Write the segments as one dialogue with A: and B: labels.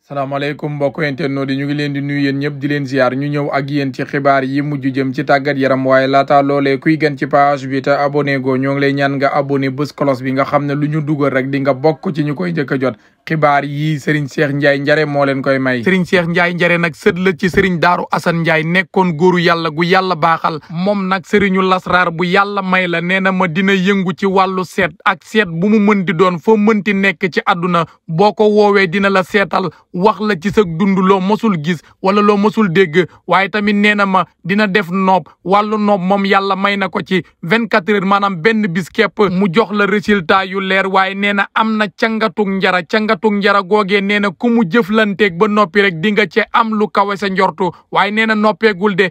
A: salaamaaleykum mbokk internautes yi ñu ngi leen di nuyu yéen ñëpp di leen ziar ñu ñëw ak yéen ci xibaar yi mujj jëm ci tàggat yaram waaye laata loolee kuy gën ci page bi te abonné go ñoo ngi lay ñaan nga abonné bés cloche bi nga xam ne lu ñu dugal rek di nga bokk ci ñu koy njëkk a jot xibaar yi Serigne Cheikh Ndiaye Njare moo leen koy may Serigne Cheikh Ndiaye Njare nag sët la ci Serigne Daaru Assane Ndiaye nekkoon góoru yàlla gu yàlla baaxal moom nag Serigne Lasraar bu yàlla may la nee na ma dina yëngu ci wàllu seet ak seet bu mu mën di doon foo mënti nekk ci àdduna boo ko woowee dina la seetal wax la ci sa dund loo mosul gis wala loo mosul dégg waaye tamit nee na ma dina def noob wàllu noob moom yàlla may na ko ci vingt quatre heures maanaam benn bis képp mu jox la résultat yu leer waaye nee na am na cangatug njara cangatug njara googee nee na ku mu jëflanteeg ba noppi rek di nga cee am lu kawe sa njortu waaye nee na noppeegul de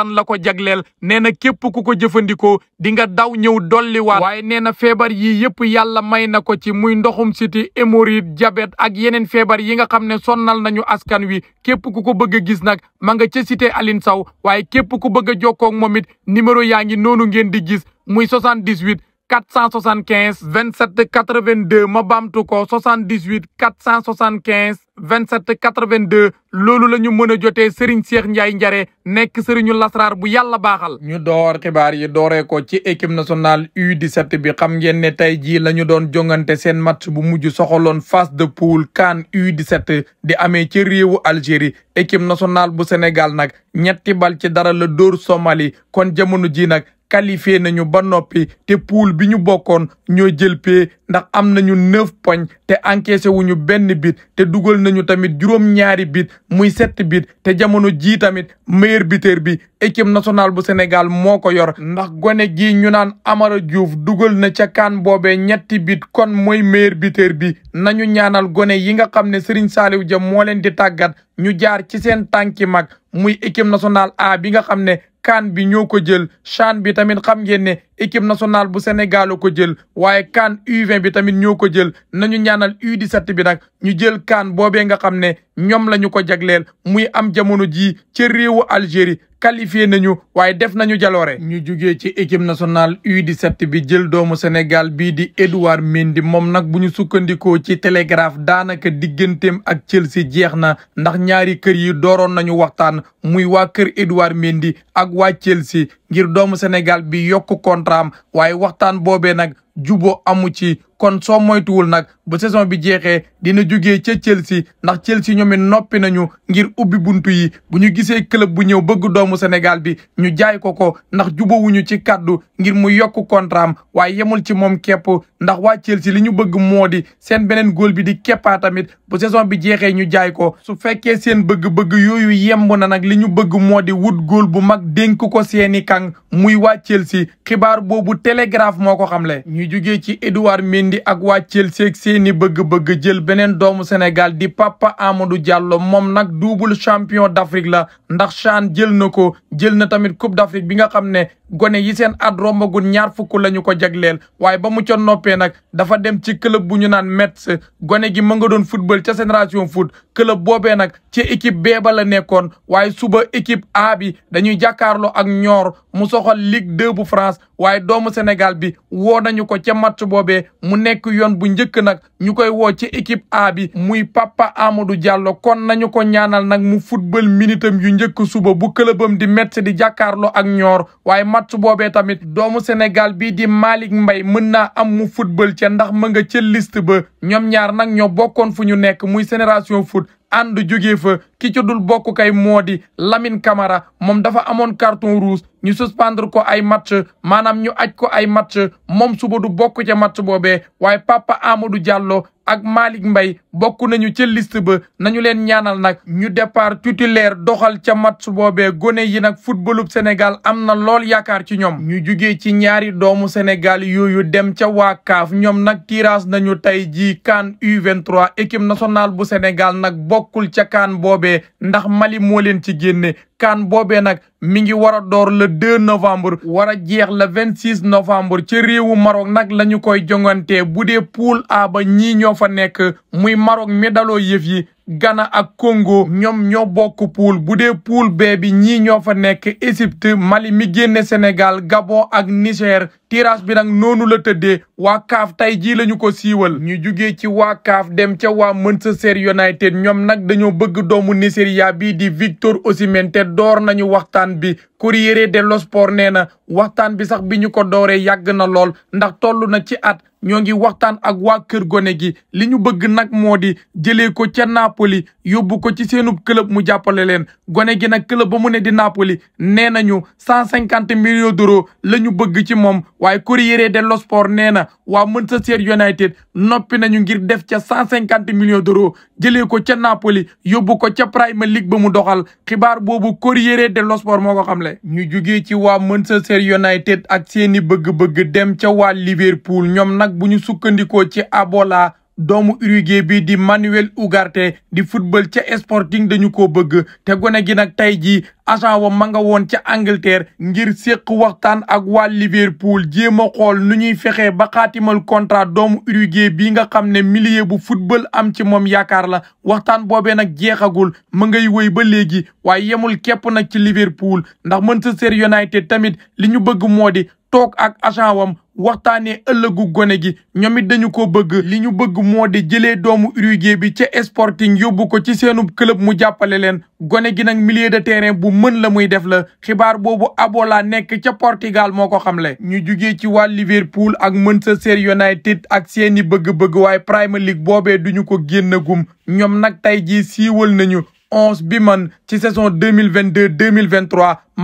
A: kattan la ko jagleel nee na képp ku ko jëfandikoo di nga daw ñëw dolliwaat waaye nee na feebar yi yëpp yàlla may na ko ci muy ndoxum siti hémorroïde jabet ak yeneen feebar yi nga xam ne sonnal nañu askan wi képp ku ko bëgg gis nag ma nga ca cité Aline Sow waaye képp ku bëgg a jokkoo ak moom it numéro yaa ngi noonu ngeen di gis muy 78 475 27 82 ma baamtu ko 78 475 27 82 loolu la ñu mën a jotee Serigne Cheikh Ndiaye Njare nekk Serigne Lasrar bu yàlla baaxal. ñu door xibaar yi dooree ko ci équipe nationale U17 bi xam ngeen ne tey jii la ñu doon jongante seen match bu mujj soxaloon phase de poule CAN U17 di amee ci réewu Algérie équipe nationale bu Sénégal nag ñetti bal ci dara la dóor Somalie kon jamono ji nag. qualifié nañu ba noppi te poule bi ñu bokkoon ñoo jël pee ndax am nañu neuf poñ te encaissé wuñu benn bit te dugal nañu tamit juróom-ñaari bit muy sept bit te jamono jii tamit meilleur buteur bi équipe national bu Sénégal moo ko yor ndax gone gi ñu naan Amara Diouf dugal na ca kaan ñetti biit kon mooy meilleur buteur bi nañu ñaanal gone yi nga xam ne Serigne Saliou Dia moo leen di tàggat ñu jaar ci seen tànki mag muy équipe national A bi nga xam ne kan bi ñoo ko jël chan bi tamit xam ngeen ne équipe nationale bu Sénégal ko jël waaye CAN u bi tamit ñoo ko jël nañu ñaanal u set bi nag ñu jël CAN boobee nga xam ne ñoom la ñu ko jagleel muy am jamono jii ci réewu Algérie qualifié nañu waaye def nañu jaloore ñu jugee ci équipe nationale U17 bi jël doomu Sénégal bii di Edouard Mendy moom nag bu ñu sukkandikoo ci Télégraphe daanaka digganteem ak Chelsea jeex na ndax ñaari kër yi dooroon nañu waxtaan muy waa kër Edouard Mendy ak waa Chelsea ngir doomu Sénégal bi yokk contrat am waaye waxtaan boobe nag juboo amu ci kon soo moytuwul nag ba saison bi jeexee dina jóge ca Chelsea ndax Chelsea ñoom it noppi nañu ngir ubbi buntu yi bu ñu gisee club bu ñëw bëgg doomu Sénégal bi ñu jaay ko ko ndax jubawuñu ci kàddu ngir mu yokk contrat am waaye yemul ci moom képp ndax waa Chelsea li ñu bëgg moo di seen beneen góol bi di keppaa tamit bu saison bi jeexee ñu jaay ko su fekkee seen bëgg-bëgg yooyu yemb na nag li ñu bëgg moo di wut góol bu mag dénk ko seeni kàng muy waa Chelsea xibaar boobu Telegraph moo ko xamle ñu jógee ci Edouard Mendy indi ak waa Chelsea ak seeni bëgg-bëgg jël beneen doomu Sénégal di pappa Amadou jàlloo moom nag double champion d'Afrique la ndax CHAN jël na ko jël na tamit coupe d'Afrique bi nga xam ne gone yi seen at rombagul ñaar fukk lañu ñu ko jagleel waaye ba mu ca noppee nag dafa dem ci club bu ñu naan Metz gone gi ma nga doon football ca Génération Foot club boobee nag ci équipe B ba la nekkoon waaye suba équipe A bi dañuy jàkkaarloo ak ñoor mu soxal Ligue 2 bu France waaye doomu Sénégal bi woo nañu ko ca match boobee nekk yoon bu njëkk nag ñu koy woo ci équipe A bi muy Papa Amadou jàlloo kon nañu ko ñaanal nag mu football minitam yu njëkk suba bu këlëbam di Metz di jàkkaarloo ak ñoor waaye match boobee tamit doomu Sénégal bii di Malick mbay mën naa am mu football ca ndax mën nga ca liste ba ñoom ñaar nag ñoo bokkoon fu ñu nekk muy génération foot ànd jógee fa ki ci dul bokk kay moo di Lamine Camara moom dafa amoon carton rouge ñu suspendre ko ay match maanaam ñu aj ko ay match moom suba du bokk ca match boobee waaye Papa Amadou Diallo ak Malick mbay bokk nañu ca list ba nañu leen ñaanal nag ñu départ titulaire doxal ca match boobee gone yi nag footballub Sénégal am na lool yaakaar ci ñoom ñu jugee ci ñaari doomu Sénégal yooyu dem ca waa ñoom nag tirage nañu tey jii CAN U23 équipe nationale bu Sénégal nag bokkul ca kaan boobee ndax Mali moo leen ci génne kan boobee nag mi ngi war a door le 2 novembre war a jeex vingt 26 novembre ci réewu Maroc nag la ñu koy jongante bu dee poule A ba ñii ñoo fa nekk muy Maroc mi daloo yëf yi Ghana ak Congo ñoom ño bokk poule bu dee poule B bi ñii ñoo fa nekk Égypte Mali mi génne Sénégal gabo ak Niger tirage bi nag noonu la tëddee waa kaaf tey jii la ñu ko siiwal ñu jugee ci waa kaaf dem ca waa Manchester United ñoom nag dañoo bëgg doomu Nigeria bi di Victor Osimhen te door nañu waxtaan bi Corriere dello Sport nee na waxtaan bi sax bi ñu ko dooree yàgg na lool ndax toll na ci at ñoo ngi waxtaan ak waa kër gone gi li ñu bëgg nag moo di jëlee ko ca Napoli yóbbu ko ci seenub club mu jàppale leen gone gi nag club ba mu ne di Napoli nee nañu cent cinquante millions d'euros la ñu bëgg ci moom waaye Corriere dello Sport nee na waa Manchester United noppi nañu ngir def ca cent cinquante millions d'euros jëlee ko ca Napoli yóbbu ko ca Premier League ba mu doxal xibaar boobu Corriere dello Sport moo ko xam xamle. ñu jugee ci waa Manchester United ak seeni bëgg-bëgg dem ca waa Liverpool ñoom nag bu ñu sukkandikoo ci Abola. doomu Uruguay bi di Manuel Ugarte di football ca Sporting dañu ko bëgg te gone gi nag tey jii agent wa ma nga woon ca Angleterre ngir séq waxtaan ak waa Liverpool jéem a xool nu ñuy fexee ba xaatimal contrat doomu Uruguay bi nga xam ne milieu bu football am ci moom yaakaar la waxtaan boobee nag jeexagul ma ngay wéy ba léegi waaye yemul képp nag ci Liverpool ndax mën Manchester United tamit li ñu bëgg moo di toog ak agent wam waxtaanee ëllëgu gone gi ñoom it dañu ko bëgg li ñu bëgg moo di jëlee doomu Uruguay bi ca Sporting yóbbu ko ci seenub club mu jàppale leen gone gi nag millier de terrain bu mën la muy def la xibaar boobu Abola nekk ca Portugal moo ko xam xamle. ñu jugee ci waa Liverpool ak mën sa seer United ak seeni bëgg-bëgg waaye Premier League boobee duñu ko génn gum ñoom nag tey jii siiwal nañu onze bi man ci saison deux mille vingt deux deux mille vingt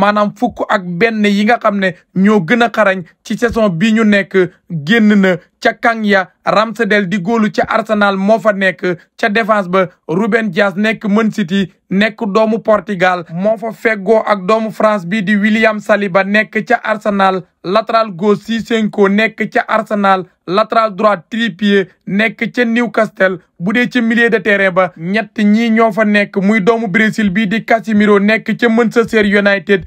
A: maanaam fukk ak benn yi nga xam ne ñoo gën a xarañ ci saison bi ñu nekk génn na ca Kangya Ramsdale di góolu ca Arsenal moo fa nekk ca défense ba Ruben Dias nekk mën City nekk doomu Portugal moo fa feggoo ak doomu France bi di William Saliba nekk ca Arsenal latéral gauche Zinchenko nekk ca Arsenal latéral droit Trippier nekk ca Newcastle bu dee ca millier de terrain ba ñett ñii ñoo fa nekk muy doomu Brésil bi di Casemiro nekk ca Manchester United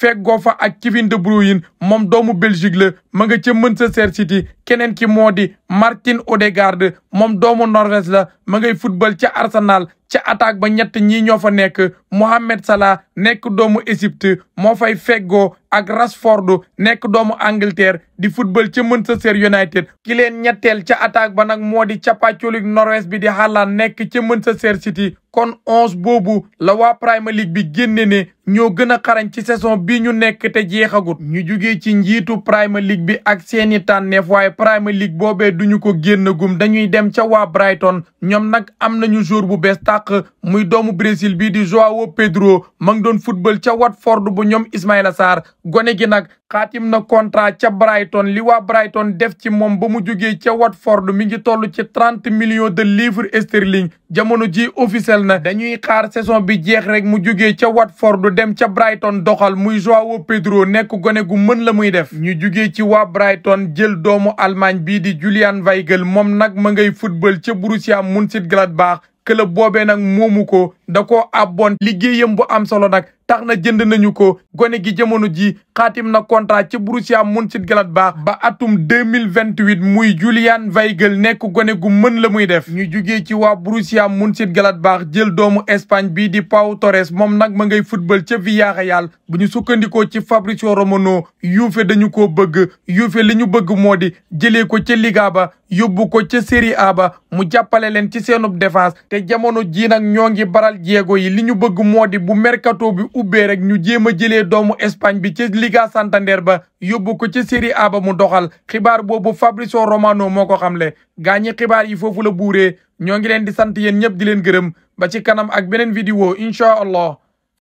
A: feggoo fa ak Kevin De moom doomu Belgique la ma nga ca Manchester City keneen ki moo di Martin Odegaard moom doomu Norvège la ma ngay football ca Arsenal ci attaque ba ñett ñii ñoo fa nekk Mohamed Salah nekk doomu Égypte moo fay feggoo ak Rashford nekk doomu Angleterre di ci mën Manchester United ki leen ñetteel ca attaque ba nag moo di cappacolik Norvège bi di Haaland nekk ca Manchester City kon onze boobu la waa League bi génne ne ñoo gën a bi ñu nekk te jeexagut ñu jugee ci njiitu Premier League bi ak seeni tànneef waaye Premier League boobee duñu ko génn gum dañuy dem ca waa Brighton ñoom nag am nañu jour bu bees tàq muy doomu Brésil bii di João Pedro ma ngi doon football ca ford bu ñoom Ismaïla Sarr gone gi nag xaatim na contrat ca Brighton li waa Brighton def ci moom ba mu jógee ca Watford mi ngi toll ci trente millions de livres sterling jamono ji officiel na dañuy xaar saison bi jeex rek mu jógee ca Watford dem ca Brighton doxal muy Joao Pedro nekk gone gu mën la muy def ñu jógee ci waa Brighton jël doomu Allemagne bii di Julian Weigl moom nag ma ngay football ca Borussia baax club boobee nag moomu ko da ab bon liggéeyam bu am solo nag tax na jënd nañu ko gone gi jamono ji xaatim na mun ci Borussia baax ba atum 2028 muy Julian Weigl nekk gone gu mën la muy def ñu jugee ci waa Borussia baax jël doomu Espagne bii di Pau Torres moom nag ma ngay football ca Villarreal bu ñu sukkandikoo ci Fabrizio Romano Juve dañu ko bëgg Juve li ñu bëgg moo di jëlee ko ca Liga ba yóbbu ko ca Serie A ba mu jàppale leen ci seenub défense te jamono ji nag ñoo ngi baral jéego yi li ñu bëgg moo di bu mercato bi ubbee rek ñu jéem a jëlee doomu Espagne bi ci Liga Santander ba yóbbu ko ci Serie A mu doxal xibaar boobu Fabrizio Romano moo ko xamle gaa ñi xibaar yi foofu la buuree ñoo ngi leen di sant yéen ñëpp di leen gërëm ba ci kanam ak beneen vidéo incha allah